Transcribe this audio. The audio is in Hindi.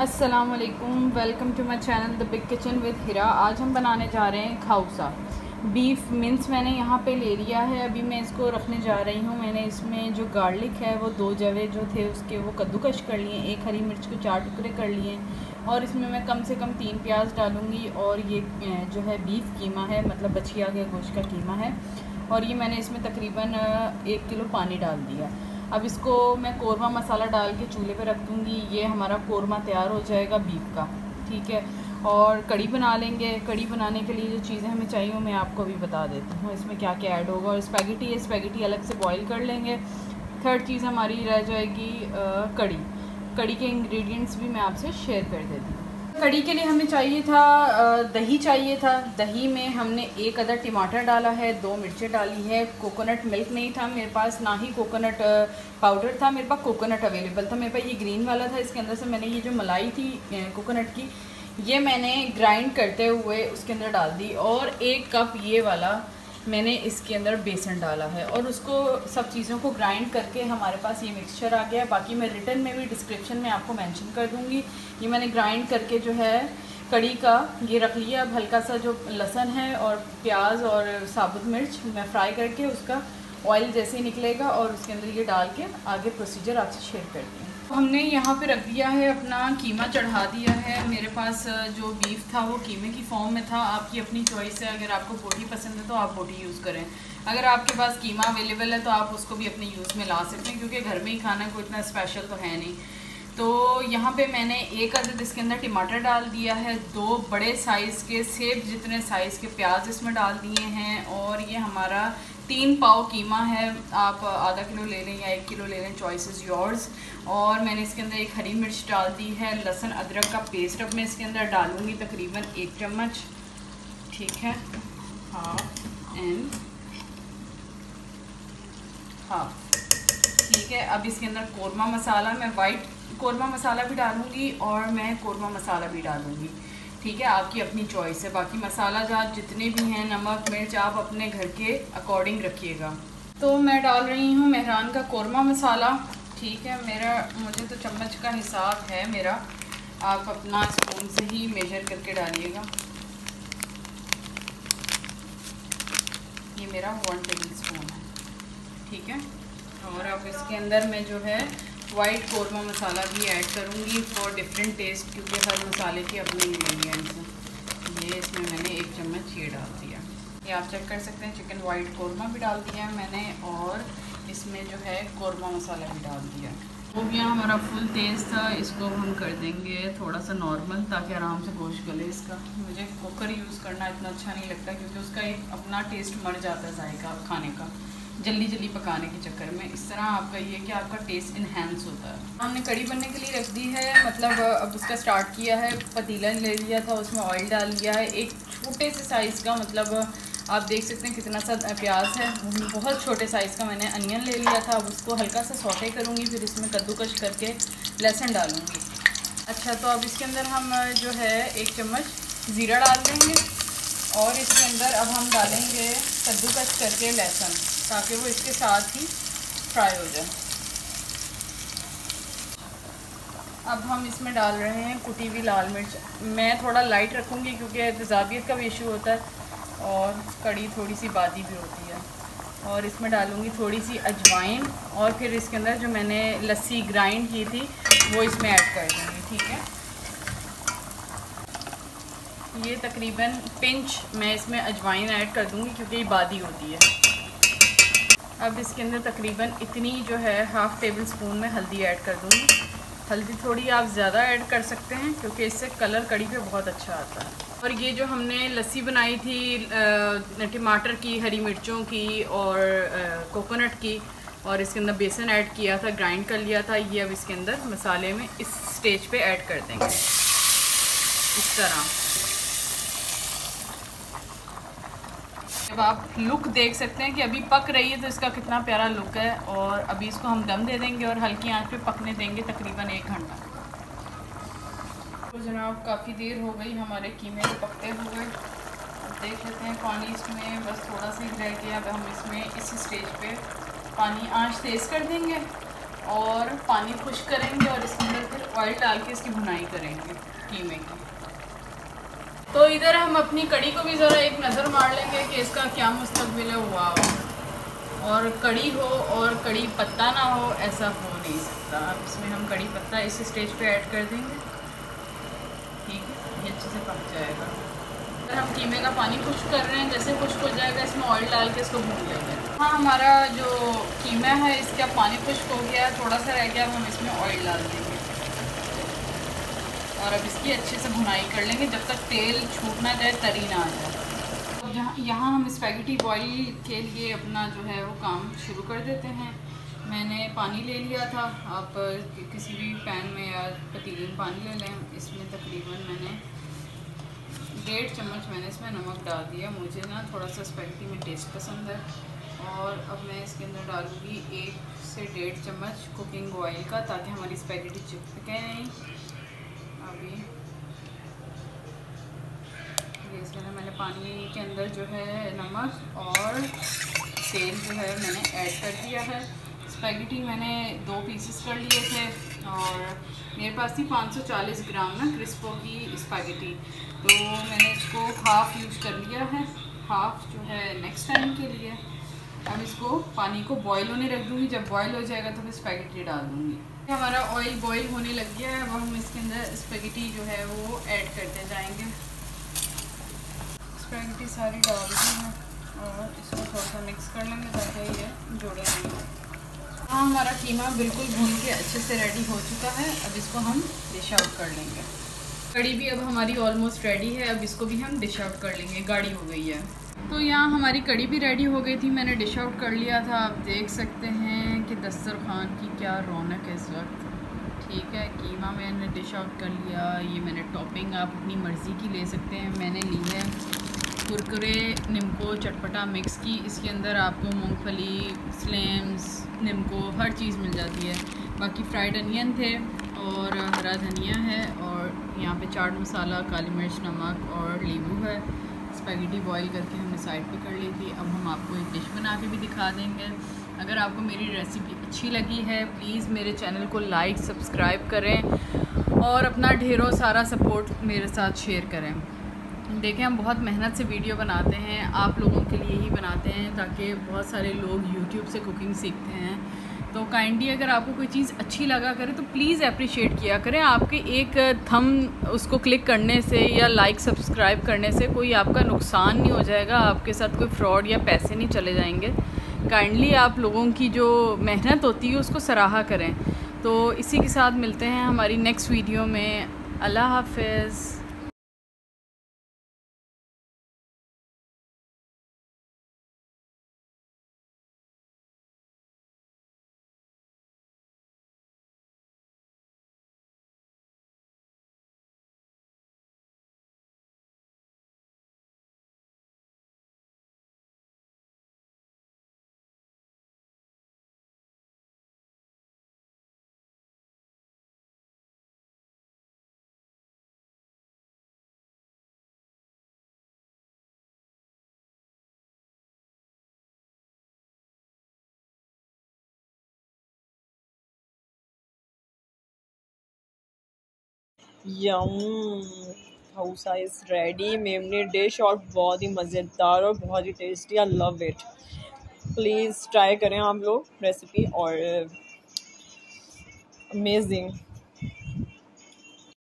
Aslam welcome to my channel the big kitchen with Hira आज हम बनाने जा रहे हैं खाउसा बीफ मिन्स मैंने यहाँ पे ले लिया है अभी मैं इसको रखने जा रही हूँ मैंने इसमें जो गार्लिक है वो दो जवे जो थे उसके वो कद्दूकश कर लिए एक हरी मिर्च को चार टुकड़े कर लिए और इसमें मैं कम से कम तीन प्याज डालूँगी और ये जो है बीफ कीमा है मतलब बछिया के गोश्त का कीमा है और ये मैंने इसमें तकरीबन एक किलो पानी डाल दिया अब इसको मैं कोरमा मसाला डाल के चूल्हे पे रख दूँगी ये हमारा कोरमा तैयार हो जाएगा बीफ का ठीक है और कड़ी बना लेंगे कड़ी बनाने के लिए जो चीज़ें हमें चाहिए वो मैं आपको अभी बता देती हूँ इसमें क्या क्या ऐड होगा और स्पैगेटी है स्पैगेटी अलग से बॉईल कर लेंगे थर्ड चीज़ हमारी रह जाएगी आ, कड़ी कड़ी के इंग्रेडिएंट्स भी मैं आपसे शेयर कर देती हूँ कड़ी के लिए हमें चाहिए था दही चाहिए था दही में हमने एक अदर टमाटर डाला है दो मिर्चें डाली है कोकोनट मिल्क नहीं था मेरे पास ना ही कोकोनट पाउडर था मेरे पास कोकोनट अवेलेबल था मेरे पास ये ग्रीन वाला था इसके अंदर से मैंने ये जो मलाई थी कोकोनट की ये मैंने ग्राइंड करते हुए उसके अंदर डाल दी और एक कप ये वाला मैंने इसके अंदर बेसन डाला है और उसको सब चीज़ों को ग्राइंड करके हमारे पास ये मिक्सचर आ गया है बाकी मैं रिटर्न में भी डिस्क्रिप्शन में आपको मेंशन कर दूँगी ये मैंने ग्राइंड करके जो है कड़ी का ये रख लिया अब हल्का सा जो लहसन है और प्याज और साबुत मिर्च मैं फ्राई करके उसका ऑयल जैसे ही निकलेगा और उसके अंदर ये डाल के आगे प्रोसीजर आपसे शेयर कर दी हमने यहाँ पे रख दिया है अपना कीमा चढ़ा दिया है मेरे पास जो बीफ था वो कीमे की फॉर्म में था आपकी अपनी चॉइस है अगर आपको बोटी पसंद है तो आप बोटी यूज़ करें अगर आपके पास कीमा अवेलेबल है तो आप उसको भी अपने यूज़ में ला सकते हैं क्योंकि घर में ही खाना कोई इतना स्पेशल तो है नहीं तो यहाँ पे मैंने एक अदद इसके अंदर टमाटर डाल दिया है दो बड़े साइज़ के सेब जितने साइज़ के प्याज इसमें डाल दिए हैं और ये हमारा तीन पाव कीमा है आप आधा किलो ले लें या एक किलो ले लें चॉइसेस योर्स और मैंने इसके अंदर एक हरी मिर्च डाल दी है लहसुन अदरक का पेस्ट अब मैं इसके अंदर डालूँगी तकरीबन एक चम्मच ठीक है हाफ एंड हाफ ठीक है अब इसके अंदर कोरमा मसाला मैं वाइट कोरमा मसाला भी डालूँगी और मैं कोरमा मसाला भी डालूँगी ठीक है आपकी अपनी चॉइस है बाकी मसाला जहाँ जितने भी हैं नमक मिर्च आप अपने घर के अकॉर्डिंग रखिएगा तो मैं डाल रही हूँ मेहरान का कौरमा मसाला ठीक है मेरा मुझे तो चम्मच का हिसाब है मेरा आप अपना स्पून से ही मेजर करके डालिएगा ये मेरा वन टेबल स्पून है ठीक है और अब इसके अंदर में जो है वाइट कौरमा मसाला भी ऐड करूँगी फॉर डिफरेंट टेस्ट क्योंकि हर मसाले के अपने इंग्रेडिएंट्स हैं ये इसमें मैंने एक चम्मच ये डाल दिया ये आप चेक कर सकते हैं चिकन वाइट कौरमा भी डाल दिया मैंने और इसमें जो है कौरमा मसाला भी डाल दिया भी हमारा फुल तेज़ था इसको हम कर देंगे थोड़ा सा नॉर्मल ताकि आराम से गोश गले इसका मुझे कुकर यूज़ करना इतना अच्छा नहीं लगता क्योंकि उसका एक अपना टेस्ट मर जाता है जायका खाने का जल्दी जल्दी पकाने के चक्कर में इस तरह आपका ये कि आपका टेस्ट इन्हेंस होता है हमने कड़ी बनने के लिए रख दी है मतलब अब उसका स्टार्ट किया है पतीला ले लिया था उसमें ऑयल डाल दिया है एक छोटे से साइज़ का मतलब आप देख सकते हैं कितना सा प्याज है बहुत छोटे साइज़ का मैंने अनियन ले लिया था अब उसको हल्का सा सोटे करूँगी फिर इसमें कद्दूकश करके लहसुन डालूँगी अच्छा तो अब इसके अंदर हम जो है एक चम्मच ज़ीरा डाल देंगे और इसके अंदर अब हम डालेंगे कद्दूकस करके लहसुन ताकि वो इसके साथ ही फ्राई हो जाए अब हम इसमें डाल रहे हैं कुटी हुई लाल मिर्च मैं थोड़ा लाइट रखूँगी क्योंकि एहतजाबियत का भी इशू होता है और कड़ी थोड़ी सी बादी भी होती है और इसमें डालूँगी थोड़ी सी अजवाइन और फिर इसके अंदर जो मैंने लस्सी ग्राइंड की थी वो इसमें ऐड कर दूँगी ठीक है ये तकरीबन पिंच मैं इसमें अजवाइन ऐड कर दूँगी क्योंकि ये बादी होती है अब इसके अंदर तकरीबन इतनी जो है हाफ़ टेबल स्पून में हल्दी ऐड कर दूँगी हल्दी थोड़ी आप ज़्यादा ऐड कर सकते हैं क्योंकि इससे कलर कड़ी पे बहुत अच्छा आता है और ये जो हमने लस्सी बनाई थी टमाटर की हरी मिर्चों की और कोकोनट की और इसके अंदर बेसन ऐड किया था ग्राइंड कर लिया था ये अब इसके अंदर मसाले में इस स्टेज पे ऐड कर देंगे इस तरह अब आप लुक देख सकते हैं कि अभी पक रही है तो इसका कितना प्यारा लुक है और अभी इसको हम दम दे देंगे और हल्की आंच पे पकने देंगे तकरीबन एक घंटा तो जनाब काफ़ी देर हो गई हमारे कीमे पकते हुए अब देख लेते हैं पानी इसमें बस थोड़ा सा ही रह गया अब हम इसमें इस स्टेज पर पानी आँच तेज़ कर देंगे और पानी खुश करेंगे और इसके अंदर फिर ऑयल डाल के इसकी भुनाई करेंगे कीमे की तो इधर हम अपनी कड़ी को भी ज़रा एक नज़र मार लेंगे कि इसका क्या मुस्तबिल हुआ हो और कड़ी हो और कड़ी पत्ता ना हो ऐसा हो नहीं सकता अब इसमें हम कड़ी पत्ता इस स्टेज पे ऐड कर देंगे ठीक है ये अच्छे से पक जाएगा अगर हम कीमे का पानी खुश्क कर रहे हैं जैसे खुश्क हो जाएगा इसमें ऑयल डाल के इसको भून लेंगे हाँ हमारा जो कीमा है इसका पानी खुश्क हो गया थोड़ा सा रह गया अब हम इसमें ऑयल डाल देंगे और अब इसकी अच्छे से भुनाई कर लेंगे जब तक तेल छूट ना जाए तरी ना आ जाए अब जहाँ यहाँ हम स्पैगेटी बॉईल के लिए अपना जो है वो काम शुरू कर देते हैं मैंने पानी ले लिया था आप किसी भी पैन में या पतीले में पानी ले लें इसमें तकरीबन मैंने डेढ़ चम्मच मैंने इसमें नमक डाल दिया मुझे ना थोड़ा सा स्पैगेटी में टेस्ट पसंद है और अब मैं इसके अंदर डालूँगी एक से डेढ़ चम्मच कुकिंग ऑयल का ताकि हमारी स्पैगेटी चिपके नहीं अभी ये इसमें मैंने पानी के अंदर जो है नमक और तेल जो है मैंने ऐड कर दिया है स्पैगेटी मैंने दो पीसेस कर लिए थे और मेरे पास थी 540 ग्राम ना क्रिस्पो की स्पैगेटी तो मैंने इसको हाफ़ यूज़ कर लिया है हाफ़ जो है नेक्स्ट टाइम के लिए अब इसको पानी को बॉईल होने रख दूँगी जब बॉईल हो जाएगा तो फिर स्पैगेटी डाल दूँगी हमारा ऑयल बॉईल होने लग गया है अब हम इसके अंदर स्पैगेटी जो है वो ऐड करते जाएंगे स्पैगेटी सारी डाल दी है और इसको थोड़ा सा मिक्स कर लेंगे ताकि ये जुड़े नहीं हाँ हमारा कीमा बिल्कुल भून के अच्छे से रेडी हो चुका है अब इसको हम डिश आउट कर लेंगे कड़ी भी अब हमारी ऑलमोस्ट रेडी है अब इसको भी हम डिश आउट कर लेंगे गाढ़ी हो गई है तो यहाँ हमारी कड़ी भी रेडी हो गई थी मैंने डिश आउट कर लिया था आप देख सकते हैं कि दस्तरखान की क्या रौनक है इस वक्त ठीक है कीमा मैंने डिश आउट कर लिया ये मैंने टॉपिंग आप अपनी मर्ज़ी की ले सकते हैं मैंने ली है कुरकुरे निम्को चटपटा मिक्स की इसके अंदर आपको मूँगफली स्लेम्स निम्को हर चीज़ मिल जाती है बाकी फ्राइड अनियन थे और हरा धनिया है और यहाँ पे चाट मसाला काली मिर्च नमक और नींबू है स्पैगेटी बॉईल करके हमने साइड पे कर ली थी अब हम आपको एक डिश बना के भी दिखा देंगे अगर आपको मेरी रेसिपी अच्छी लगी है प्लीज़ मेरे चैनल को लाइक सब्सक्राइब करें और अपना ढेरों सारा सपोर्ट मेरे साथ शेयर करें देखें हम बहुत मेहनत से वीडियो बनाते हैं आप लोगों के लिए ही बनाते हैं ताकि बहुत सारे लोग यूट्यूब से कुकिंग सीखते हैं तो काइंडली अगर आपको कोई चीज़ अच्छी लगा करे तो प्लीज़ अप्रिशिएट किया करें आपके एक थम उसको क्लिक करने से या लाइक सब्सक्राइब करने से कोई आपका नुकसान नहीं हो जाएगा आपके साथ कोई फ्रॉड या पैसे नहीं चले जाएंगे काइंडली आप लोगों की जो मेहनत होती है उसको सराहा करें तो इसी के साथ मिलते हैं हमारी नेक्स्ट वीडियो में अल्लाह हाफिज़ yum khausa is ready Memoni dish और बहुत ही मज़ेदार और बहुत ही tasty I love it please try करें आप लोग रेसिपी और अमेजिंग